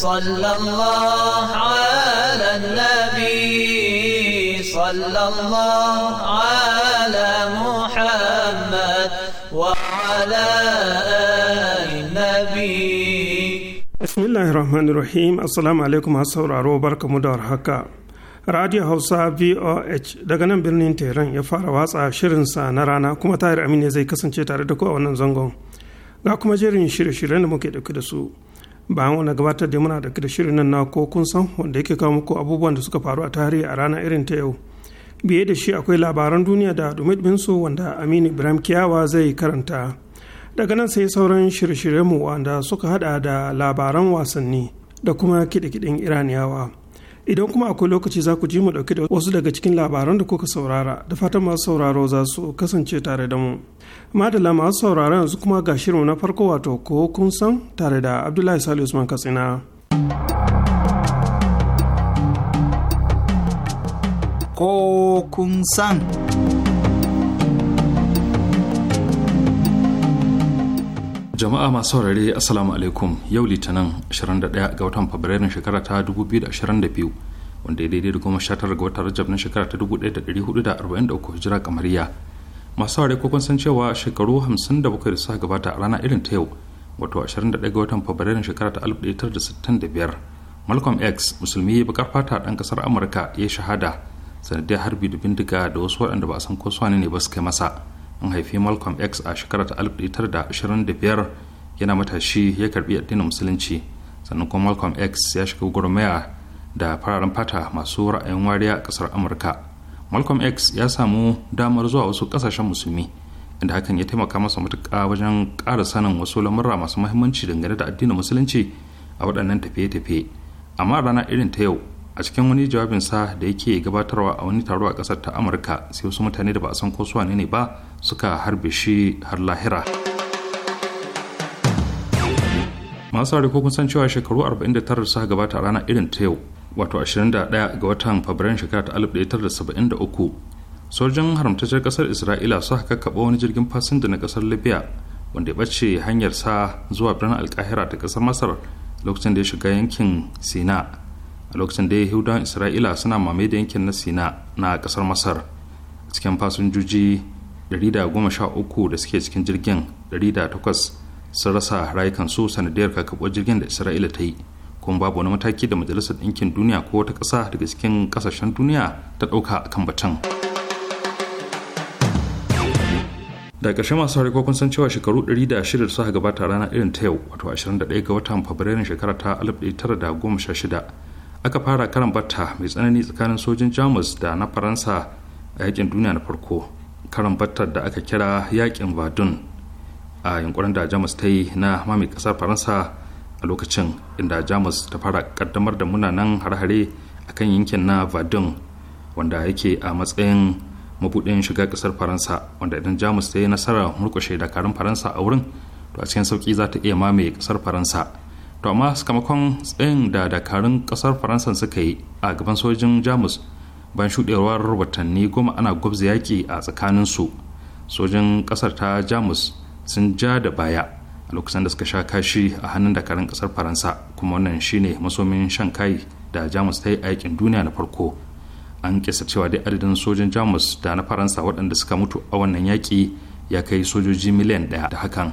صلى الله على النبي صلى الله على محمد وعلى النبي بسم الله الرحمن الرحيم السلام عليكم أصور عروبر كمدار حكا Radio Hausa VOH daga nan birnin Tehran ya fara watsa shirinsa na rana kuma Tahir Amin ne zai kasance tare da ku a wannan zangon. Ga kuma jerin shirye-shiryen da muke dauke da su. bayan wani gabatar da muna da shirin nan na ko kun san wanda yake kawo muku abubuwan da suka faru a tarihi a rana irin ta yau biye da shi akwai labaran duniya da dumi su wanda aminu ibrahim kiyawa zai karanta daga nan sai sauran shirye-shiryenmu wanda suka hada da labaran wasanni da kuma kiɗe-kiɗen iraniyawa idan kuma akwai lokaci za ku ji mu dauke da wasu daga cikin labaran da kuka saurara da fatan masu sauraro za su kasance tare da mu madalla masu sauraro yanzu kuma ga shirin na farko wato ko kun san tare da abdullahi salih usman katsina ko kun san jama'a masu saurare assalamu alaikum yau litinin 21 ga watan fabrairun shekara ta 2022 wanda ya daidai da goma sha tara ga watan rajab na shekara ta 1443 hijira kamariya masu saurare ko kun san cewa shekaru 57 da suka gabata a rana irin ta yau wato 21 ga watan fabrairun shekara ta 1965 malcolm x musulmi bakar fata dan kasar amurka ya shahada sanadiyar harbi da bindiga da wasu waɗanda ba a san ko ne ba su kai masa an haifi malcolm x a shekara ta 1925 yana matashi ya karbi addinin musulunci sannan kuma malcolm x ya shiga gwagwarmaya da fararen fata masu ra'ayin wariya a kasar amurka malcolm x ya samu damar zuwa wasu ƙasashen musulmi inda hakan ya taimaka masa matuƙa wajen ƙara sanin wasu lamurra masu mahimmanci dangane da addinin musulunci a waɗannan tafiye-tafiye amma rana irin ta yau a cikin wani jawabin sa da yake gabatarwa a wani taro a kasar ta amurka sai wasu mutane da ba a san ko suwa ne ba suka harbe shi har lahira masu ko kun san cewa shekaru 49 suka gabata a rana irin ta yau wato 21 ga watan fabrairun shekara ta 1973 sojan haramtaccen kasar isra'ila su haka kakkaɓa wani jirgin fasinja na kasar libya wanda ya bace hanyar sa zuwa birnin alkahira ta kasar masar lokacin da ya shiga yankin sina a lokacin da yahudawan isra'ila suna mamaye da yankin na sina na kasar masar cikin fasinjoji 113 da suke cikin jirgin 108 sun rasa rayukansu sanadiyar kakabo jirgin da isra'ila ta yi kuma babu wani mataki da majalisar ɗinkin duniya ko wata ƙasa daga cikin ƙasashen duniya ta ɗauka kan batun. da ƙarshe masu harko kun san cewa shekaru 106 da suka gabata rana irin ta yau wato 21 ga watan fabrairun shekara ta 1916 aka fara karan bata mai tsanani tsakanin sojin jamus da na faransa a yakin duniya na farko karan da aka kira yakin vadun a yankunan da jamus ta yi na mami kasar faransa a lokacin inda jamus ta fara kaddamar da munanan hare-hare a kan yankin na vadun wanda yake a matsayin mabudin shiga kasar faransa wanda idan jamus ta yi nasarar murkushe dakarun faransa a wurin to a cikin sauki za ta iya mamaye kasar faransa to amma sakamakon tsayin da dakarun kasar faransa suka yi a gaban sojin jamus ban shuɗewar watanni goma ana gwabza yaƙi a tsakaninsu sojin ƙasar ta jamus sun ja da baya a lokacin da suka sha kashi a hannun dakarun ƙasar faransa kuma wannan shine masomin shan kai da jamus ta yi aikin duniya na farko an kisa cewa dai adadin sojin jamus da na faransa waɗanda suka mutu a wannan yaƙi ya kai sojoji miliyan ɗaya da hakan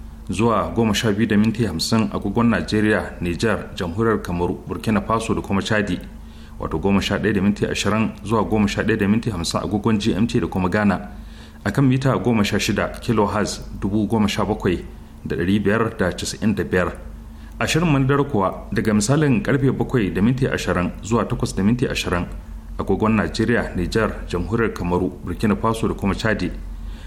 zuwa goma sha biyu agogon najeriya nijar jamhuriyar kamaru burkina faso da kuma chadi wato goma sha ɗaya da zuwa goma sha ɗaya agogon gmt da kuma ghana akan mita goma sha shida kilohertz dubu goma sha bakwai da biyar da biyar ashirin mandar kuwa daga misalin karfe bakwai da minti ashirin zuwa takwas da minti ashirin agogon najeriya nijar jamhuriyar kamaru burkina faso da kuma chadi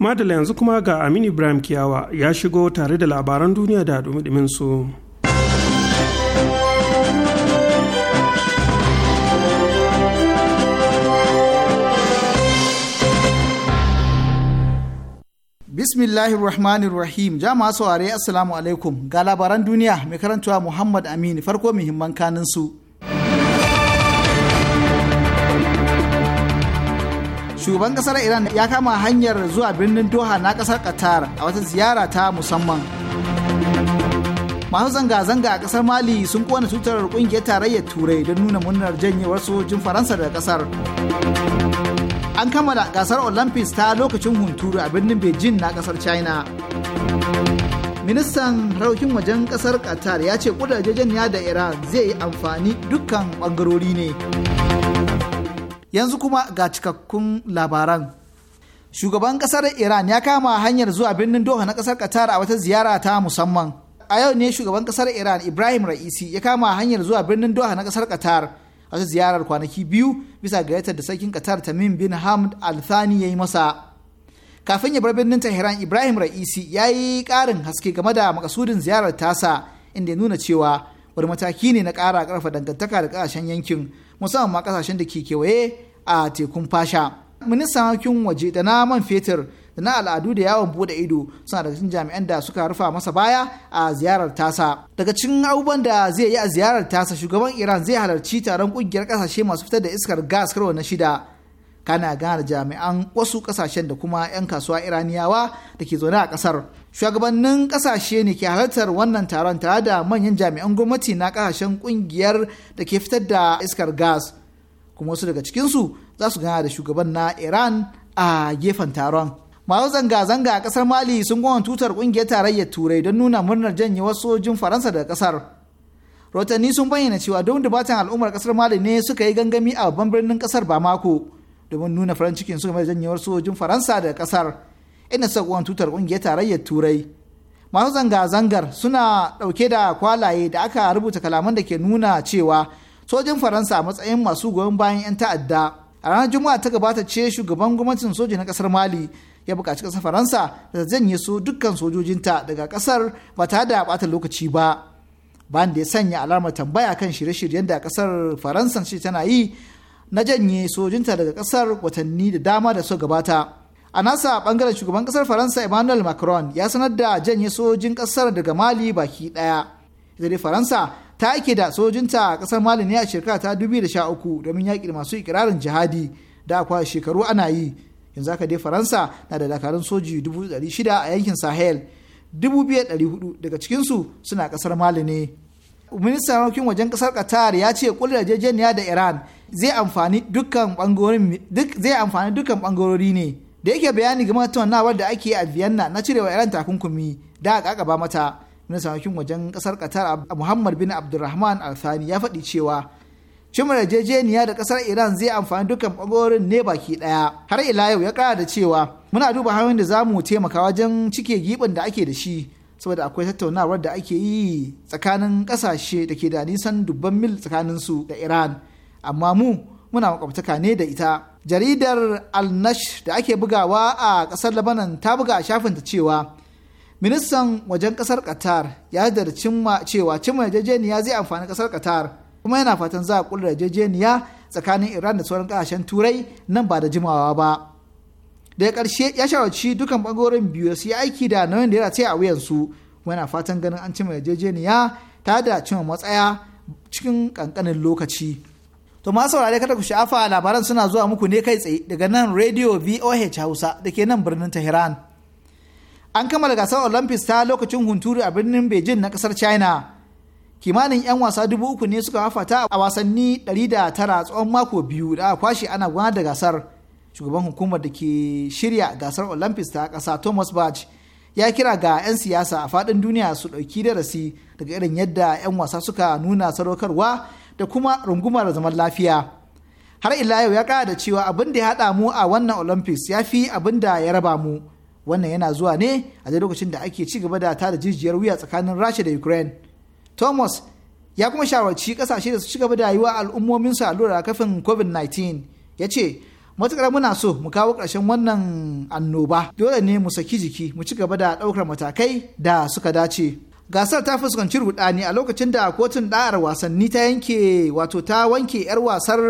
Madala yanzu kuma ga Aminu Ibrahim Kiyawa ya shigo tare da labaran duniya da dumi su. Bismillahir Rahmanir Rahim. Jama'a saurare Assalamu alaikum. Ga labaran duniya mai karantawa Muhammad Amin farko muhimman kanin su. shugaban kasar iran ya kama hanyar zuwa birnin doha na kasar qatar a wata ziyara ta musamman masu zanga-zanga a kasar mali sun kowane tutar kungiyar tarayyar turai don nuna murnar janyewar sojojin faransa daga kasar an kammala gasar olympics ta lokacin hunturu a birnin beijing na kasar china ministan harkokin wajen kasar qatar ya ce kudajejeniya da iran zai yi amfani dukkan bangarori ne yanzu kuma ga cikakkun labaran shugaban kasar iran ya kama hanyar zuwa birnin doha na kasar qatar a wata ziyara ta musamman a yau ne shugaban kasar iran ibrahim ra'isi ya kama hanyar zuwa birnin doha na kasar qatar a wata ziyarar kwanaki biyu bisa ga yadda sarkin qatar tamim bin hamd al thani ya yi masa kafin ya bar birnin tehran ibrahim ra'isi ya yi karin haske game da makasudin ziyarar tasa inda ya nuna cewa wani mataki ne na ƙara ƙarfa dangantaka da ƙasashen yankin musamman ma ƙasashen da ke kewaye a tekun fasha ministan harkokin waje da na man fetur da na al'adu da yawon bude ido suna daga cikin jami'an da suka rufa masa baya a ziyarar tasa daga cikin abubuwan da zai yi a ziyarar tasa shugaban iran zai halarci taron ƙungiyar kasashe masu fitar da iskar gas karo na shida kana gana jami'an wasu kasashen da kuma 'yan kasuwa iraniyawa da ke zaune a ƙasar shugabannin kasashe ne ke halartar wannan taron tare da manyan jami'an gwamnati na kasashen kungiyar da ke fitar da iskar gas kuma wasu daga cikinsu za su gana da shugaban na iran a gefen taron masu zanga-zanga a kasar mali sun goma tutar kungiyar tarayyar turai don nuna murnar janye wasu sojin faransa daga kasar rotanni sun bayyana cewa don dubatan al'ummar kasar mali ne suka yi gangami a babban birnin kasar mako domin nuna farin cikin su game da janyewar sojin faransa daga kasar inda sakon tutar kungiyar tarayyar turai masu zanga-zangar suna dauke da kwalaye da aka rubuta kalaman da ke nuna cewa sojin faransa a matsayin masu goyon bayan 'yan ta'adda a ranar juma'a ta gabata ce shugaban gwamnatin soji na kasar mali ya buƙaci kasar faransa da ta janye su dukkan sojojinta daga kasar ba tare da ɓata lokaci ba bayan da ya sanya alamar tambaya kan shirye-shiryen da kasar faransa ce tana yi na janye sojinta daga ƙasar watanni da dama da suka gabata a nasa bangaren shugaban kasar faransa emmanuel macron ya sanar da janye sojin kasar daga mali baki daya ita faransa ta ake da sojinta a kasar mali ne a shekara ta 2013 domin yaƙi da masu ikirarin jihadi da akwa shekaru ana yi yanzu haka dai faransa na da dakarun soji 600 a yankin sahel 2,400 daga cikinsu suna kasar mali ne ministan harkokin wajen kasar qatar ya ce kullu yarjejeniya da iran zai amfani dukkan bangarori ne da yake bayani game da tunawar da ake a vienna na cirewa iran takunkumi da aka kakaba mata na samakin wajen kasar qatar muhammad bin abdulrahman Al-Thani ya faɗi cewa cimma yarjejeniya da kasar iran zai amfani dukkan ɓangarorin ne baki daya. har ila yau ya kara da cewa muna duba hanyoyin da zamu taimaka wajen cike giɓin da ake da shi saboda akwai tattaunawar da ake yi tsakanin kasashe da ke da nisan dubban mil tsakanin su da iran amma mu muna makwabtaka ne da ita jaridar alnash da ake bugawa a kasar labanan ta buga a shafinta cewa ministan wajen kasar qatar ya da cimma cewa cimma yarjejeniya zai amfani ƙasar qatar kuma yana fatan za a ƙulla yarjejeniya tsakanin iran da sauran ƙasashen turai nan ba da jimawa ba daga ƙarshe ya shawarci dukkan bangarorin biyu su yi aiki da nauyin da ya rataya a wuyansu kuma yana fatan ganin an cimma yarjejeniya ta da cimma matsaya cikin ƙanƙanin lokaci To ma saurare kada ku sha'afa labaran suna zuwa muku ne kai tsaye daga nan Radio VOH Hausa da ke nan birnin Tehran. An kammala gasar Olympics ta lokacin hunturu a birnin Beijing na kasar China. Kimanin 'yan wasa dubu uku ne suka hafata a wasanni 109 tsawon mako biyu da aka kwashe ana gudanar da gasar. Shugaban hukumar da ke shirya gasar Olympics ta kasa Thomas Bach ya kira ga 'yan siyasa a faɗin duniya su ɗauki darasi daga irin yadda 'yan wasa suka nuna sadaukarwa da kuma rungumar zaman lafiya har ila yau ya kada da cewa abin da ya haɗa mu a wannan olympics ya fi abin da ya raba mu wannan yana zuwa ne a lokacin da ake ci gaba da tada jijiyar wuya tsakanin rasha da ukraine thomas ya kuma shawarci kasashe da su ci gaba da yi wa al'ummominsu allurar kafin covid-19 ya ce matuƙar muna so mu kawo ƙarshen wannan annoba dole ne mu saki jiki mu ci gaba da ɗaukar matakai da suka dace. gasar ta fuskanci rudani a lokacin da kotun da'ar wasanni ta yanke wato ta wanke 'yar wasar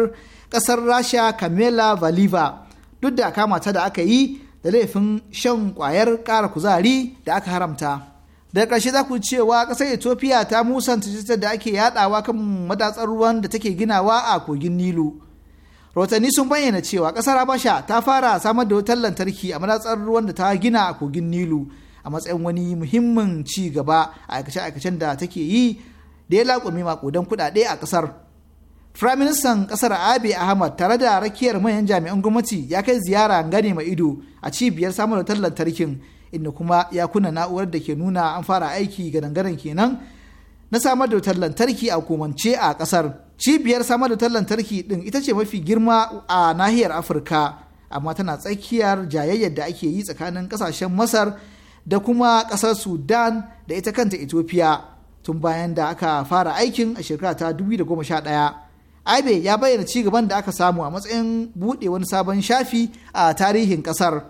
kasar rasha kamela valiva duk da kama ta da aka yi da laifin shan kwayar kara kuzari da aka haramta da ƙarshe za ku cewa ƙasar ethiopia ta musanta cutar da ake yadawa kan madatsar ruwan da take ginawa a kogin nilu rotani sun bayyana cewa ƙasar habasha ta fara samar da wutar lantarki a madatsar ruwan da ta gina a kogin nilu a matsayin wani muhimmin ci gaba a aikace-aikacen da take yi da ya laƙumi makudan kuɗaɗe a ƙasar. Firaministan ƙasar Abiy Ahmad tare da rakiyar manyan jami'an gwamnati ya kai ziyara gane mai ido a cibiyar samar da lantarkin inda kuma ya kunna na'urar da ke nuna an fara aiki ga dangaren kenan na samar da wutar lantarki a komance a ƙasar. Cibiyar samar da wutar lantarki ɗin ita ce mafi girma a nahiyar Afirka amma tana tsakiyar jayayyar da ake yi tsakanin ƙasashen Masar da kuma ƙasar sudan da ita kanta ethiopia tun bayan da aka fara aikin a shekara ta 2011 abe ya bayyana ci gaban da aka samu a matsayin buɗe wani sabon shafi a tarihin ƙasar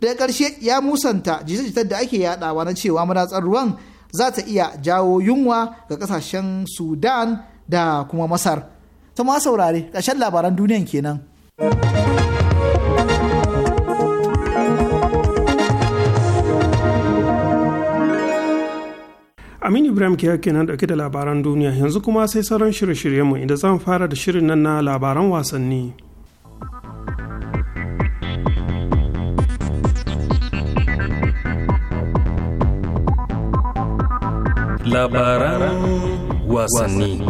daga ƙarshe ya musanta jita-jitar da ake yaɗawa na cewa madatsar ruwan za ta iya jawo yunwa ga ƙasashen sudan da kuma masar ta ma saurare ƙarshen labaran duniyan kenan. Aminu Ibrahim ke nan dauke da labaran duniya yanzu kuma sai sauran shirye mu inda zan fara da shirin nan na labaran wasanni. Labaran wasanni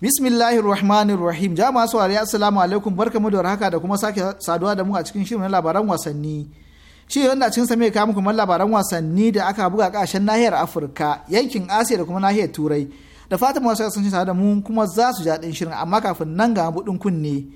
Bismillahir Rahmanir Rahim jama'a saurari assalamu alaikum barkamu da warhaka da kuma sake saduwa da mu a cikin shirin labaran wasanni. Shi wanda cin sa mai kawo muku labaran wasanni da aka buga kashen nahiyar Afirka, yankin Asiya da kuma nahiyar Turai. Da fatan masu sun ci tare da mu kuma za su jaɗin shirin amma kafin nan ga buɗin kunne.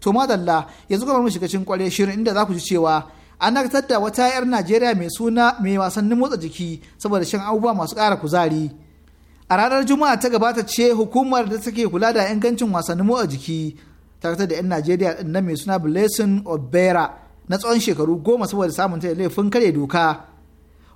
To madalla yanzu kamar mu shiga cikin kware shirin inda za ku ji cewa an dakatar da wata 'yar Najeriya mai suna mai wasannin motsa jiki saboda shan abubuwa masu ƙara kuzari. a ranar juma'a ta gabata ce hukumar da take kula da ingancin wasannin motsa jiki tare da 'yan najeriya na mai suna blessing obera na tsawon shekaru goma saboda samun ta laifin kare doka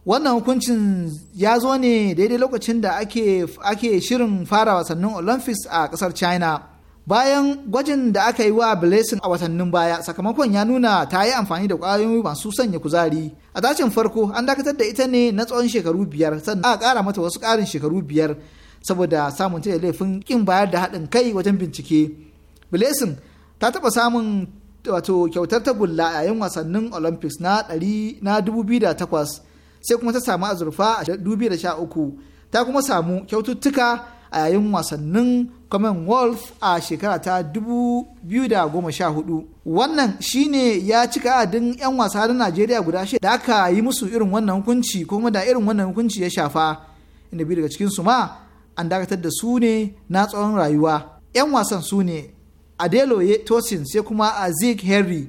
wannan hukuncin ya zo ne daidai lokacin da ake shirin fara wasannin olympics a kasar china bayan gwajin da aka yi wa blessing a watannin baya sakamakon ya nuna ta yi amfani da kwayoyin masu sanya kuzari a tashin farko an dakatar da ita ne na tsawon shekaru biyar sannan aka kara mata wasu karin shekaru biyar saboda samun ta da laifin kin bayar da haɗin kai wajen bincike blessing ta taɓa samun wato kyautar tagulla a yayin wasannin olympics na 2008 sai kuma ta samu azurfa a 2013 ta kuma samu kyaututtuka a yayin wasannin commonwealth a shekara ta 2014 wannan shi ne ya cika adin 'yan wasa na najeriya guda shida da aka yi musu irin wannan hukunci kuma da irin wannan hukunci ya shafa inda biyu daga cikinsu ma an dakatar da su ne na tsawon rayuwa 'yan wasan su ne adeloye tosin sai kuma azik henry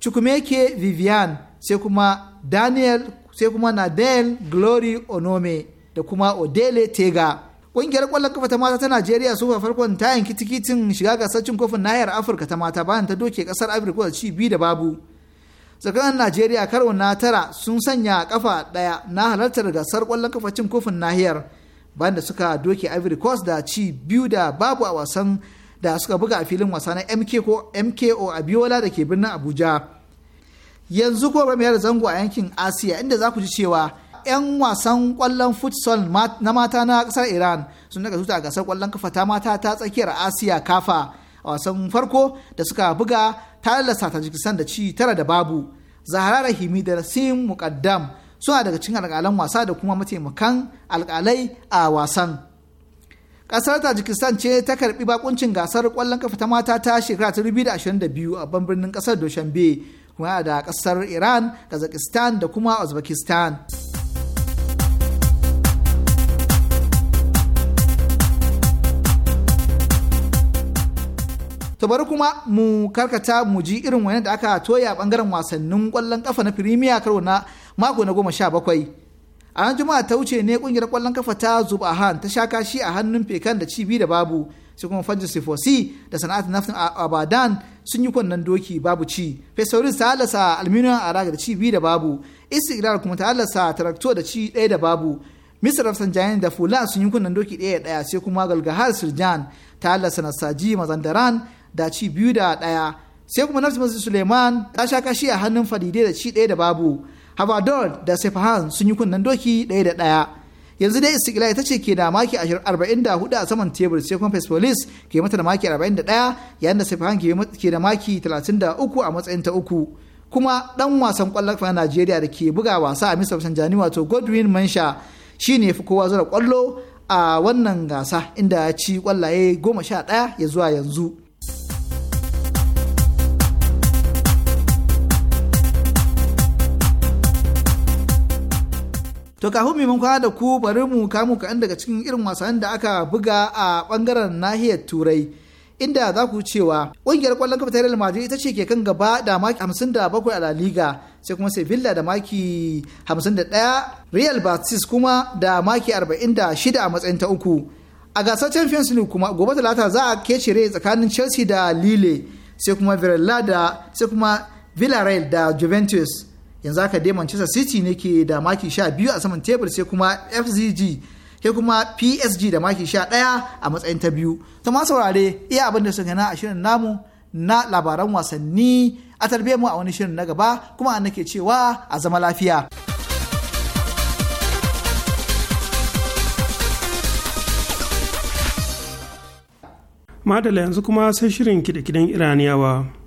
Chukumeke vivian sai kuma daniel sai kuma nadel glory onome da kuma odele tega Ƙungiyar ƙwallon kafa ta mata ta Najeriya su farkon ta yanki tikitin shiga gasar cin kofin nahiyar Afirka ta mata bayan ta doke ƙasar Afirka ci biyu da babu. Tsakanin Najeriya karo na tara sun sanya kafa ɗaya na halartar gasar ƙwallon kafa cin kofin nahiyar bayan da suka doke Ivory Coast da ci biyu da babu a wasan da suka buga a filin wasa na MK ko MKO a Biola da ke birnin Abuja. Yanzu ko ba zango a yankin Asiya inda za ku ji cewa 'yan wasan kwallon futsal na mata na kasar iran sun daga zuta a gasar kwallon kafa ta mata ta tsakiyar asiya kafa a wasan farko da suka buga ta lallasa tajikistan da ci tara da babu zahara rahimi da rasim mukaddam suna daga cikin alƙalan wasa da kuma mataimakan alƙalai a wasan ƙasar tajikistan ce ta karbi bakuncin gasar kwallon kafa ta mata ta shekara ta 2022 a ban birnin ƙasar doshambe kuma da ƙasar iran kazakistan da kuma uzbekistan. To bari kuma mu karkata mu ji irin wani da aka toya bangaren wasannin kwallon kafa na firimiya karo na mako na goma sha bakwai. A ran juma'a ta wuce ne kungiyar kwallon kafa ta zuba han ta sha kashi a hannun fekan da cibi da babu sai kuma fajin Sifosi da sana'at na Abadan sun yi kunnan doki babu ci. Fesauris ta halasa a Araga da cibi da babu. Istiklal kuma ta halasa Tarakto da ci daya da babu. Misir Jayan da fula sun yi kunnan doki ɗaya ɗaya sai kuma Galgahar Sirjan ta halasa Nasaji Mazandaran da ci biyu da ɗaya sai kuma nafsu masu suleiman ta sha kashi a hannun fadide da ci ɗaya da babu habador da sefahan sun yi kunnen doki ɗaya da ɗaya yanzu dai istiklal ita ce ke da maki 44 a saman tebur sai kuma fesfolis ke mata da maki 41 yayin da sefahan ke da maki 33 a matsayin ta uku kuma dan wasan kwallon kafa Najeriya da ke buga wasa a Mr. Sanjani wato Godwin Mansha shine fi kowa zura kwallo a wannan gasa inda ya ci kwallaye goma sha ɗaya ya zuwa yanzu. To kafin mun kwa da ku bari mu kamu kaɗan daga cikin irin wasannin da aka buga a bangaren nahiyar Turai. Inda za ku cewa ƙungiyar ƙwallon kafa ta Real ita ce ke kan gaba da maki 57 a La Liga sai kuma Sevilla da maki 51 Real Batis kuma da maki 46 a matsayin ta uku. A gasar Champions League kuma gobe Talata za a rai tsakanin Chelsea da Lille sai kuma Villarreal da Juventus. yanzu aka dai manchester city ne ke da maki sha biyu a saman tebur sai kuma fcg sai kuma psg da maki sha daya a matsayin ta biyu ta ma saurare iya abin da suka na a shirin namu na labaran wasanni a tarbiyyar mu a wani shirin na gaba kuma an nake cewa a zama lafiya. Madala yanzu kuma sai shirin kide-kiden Iraniyawa.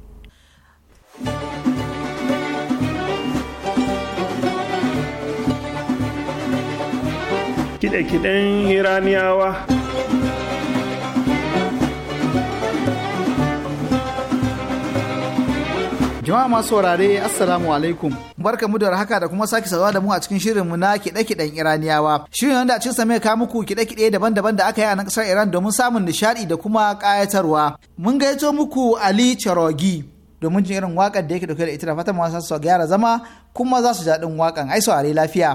kide-kiden iraniyawa jama'a masu saurare assalamu alaikum barka mu da haka da kuma sake sauwa da mu a cikin shirinmu na kiɗe-kiɗen iraniyawa shirin wanda a cikin sa mai muku kiɗe-kiɗe daban-daban da aka yi a nan kasar iran domin samun nishaɗi da kuma kayatarwa mun gaito muku ali charogi domin jin irin waƙar da yake dauke da ita da fatan masu gyara zama kuma za su jaɗin wakan ai saurare lafiya.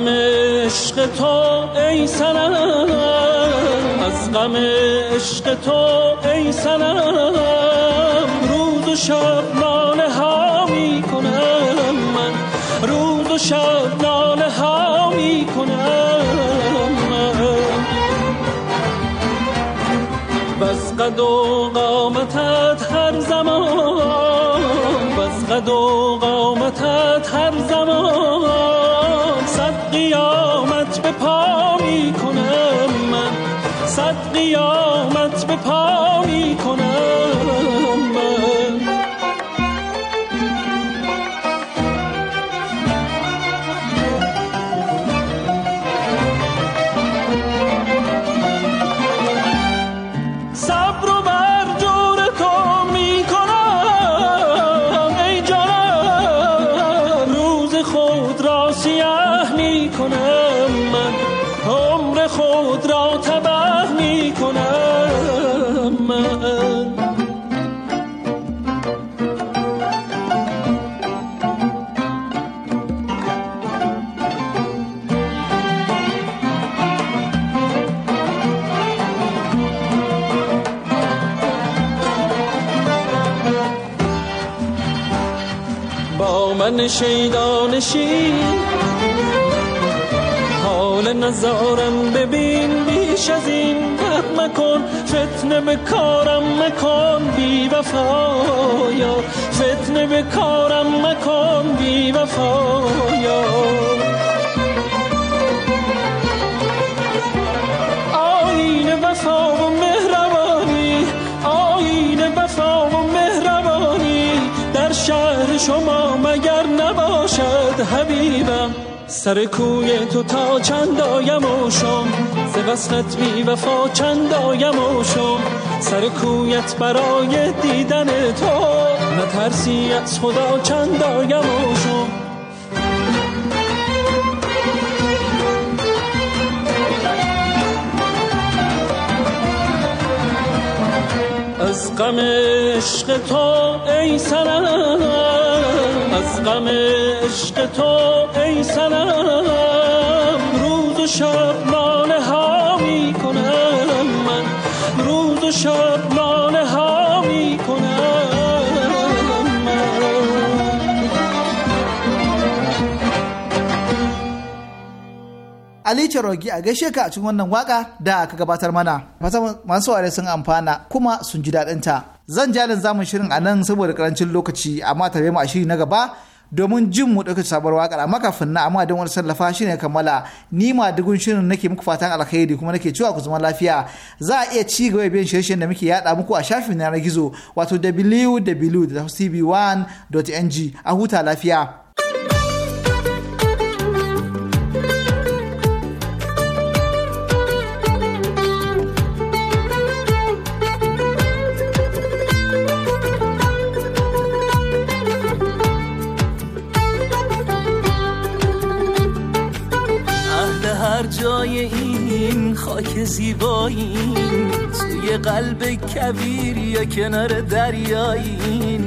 غم عشق تو ای سنم از غم عشق تو ای سنم روز و شب ناله ها می کنم من روز و شب ناله ها می کنم من بس قد و قامتت هر زمان بس قد و Paul. بیش از این مکن به کارم مکن بی وفایا فتنه به کارم مکن بی وفایا آین وفا و مهربانی آین وفا و مهربانی در شهر شما مگر نباشد حبیبم سر کوی تو تا چند آیم و شم ز وصلت بی وفا چند آیم و شم سر کویت برای دیدن تو نترسی از خدا چند آیم و شم از غم عشق تو ای سرم از غم عشق تو ای سنم روز و شب ناله ها می کنم من روز و شب ناله ها می کنم من. Ali Charogi a gaishe ka a cikin wannan waka da ka gabatar mana. Fata masu sun amfana kuma sun ji daɗinta. zan jalin zamun shirin a nan saboda karancin lokaci amma tare mu a shiri na gaba domin jin mu ɗauki sabuwar waƙar amma kafin na amma don wani sallafa shi ne kammala ni ma dugun shirin nake muku fatan alkhairi kuma nake cewa ku zama lafiya za a iya ci gaba biyan shirye da muke yada muku a shafin na gizo wato www.tv1.ng a huta lafiya. دنیای این خاک زیبایین توی قلب کبیر یا کنار دریایی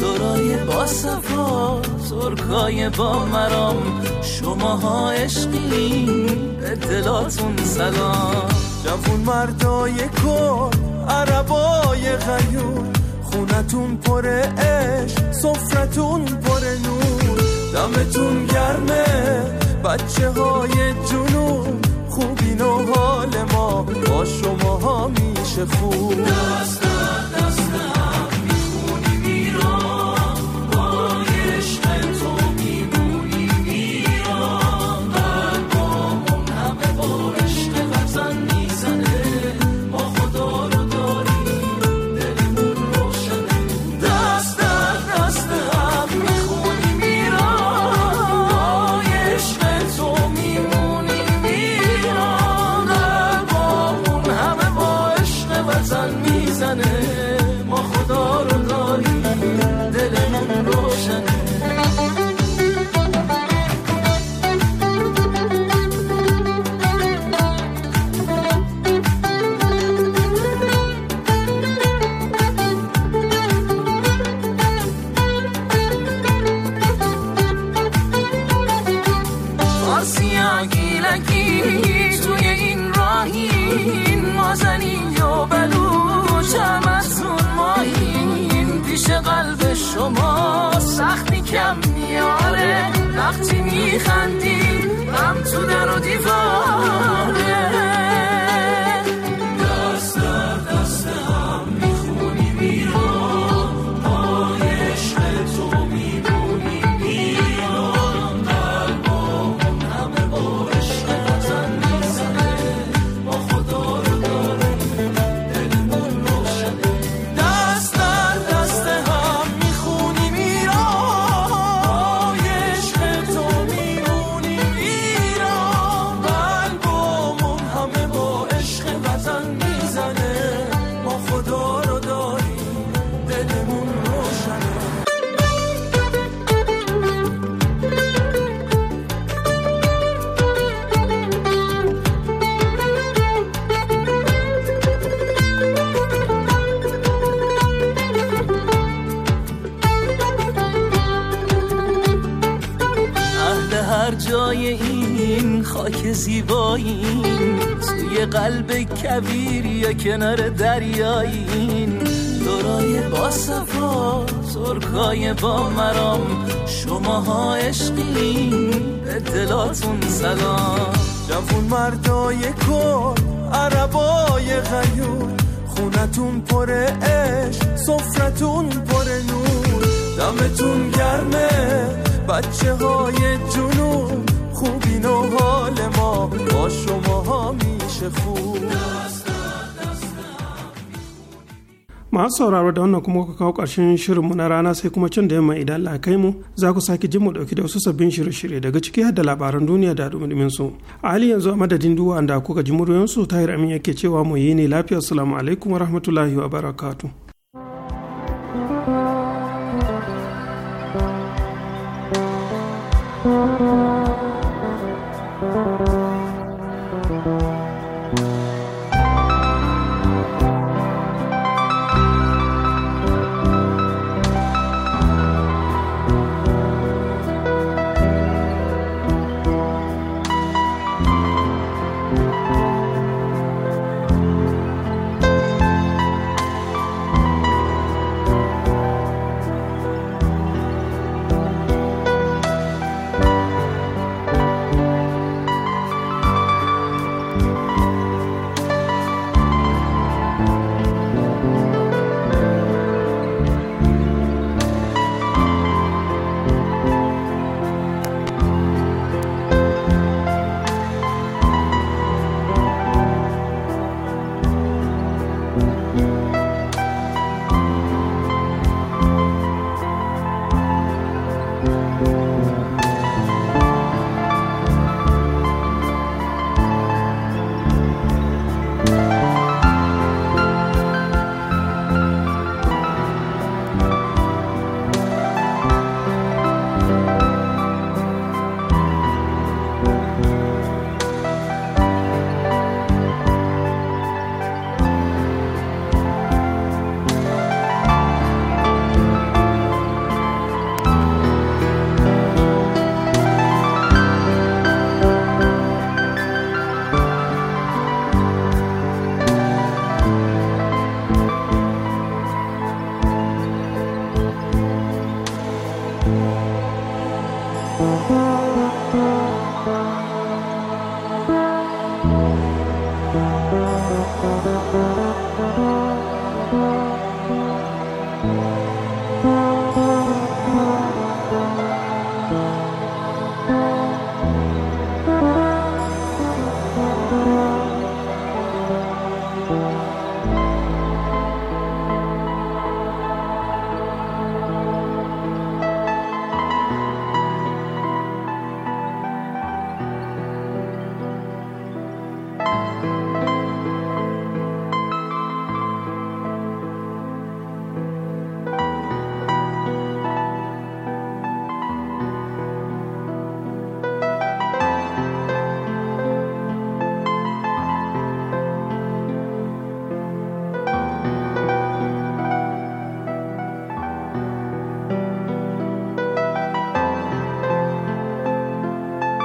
دورای با صفا ترکای با مرام شماها عشقین دلاتون سلام جوون مردای کن عربای غیور خونتون پر عشق صفرتون پر نور دمتون گرمه بچه های جنوب خوبین و حال ما با شما ها میشه خوب خاک زیباییم توی قلب کبیر یا کنار دریایین دورای با صفا ترکای با مرام شماها عشقین دلاتون سلام جوون مردای کن عربای غیور خونتون پر اش صفرتون پر نور دمتون گرمه بچه های جنوب خوب اینو حال ما با شما میشه خوب masu sauraro da wannan kuma ka kawo ƙarshen shirinmu na rana sai kuma can da yamma idan Allah kai mu za ku sake jin mu dauki da wasu sabbin shirye-shirye daga ciki har da labaran duniya da dumin su a hali yanzu a madadin duwa da kuka ji muryoyin su tahir amin yake cewa mu yi ne lafiya assalamu alaikum wa rahmatullahi wa barakatuh Thank you.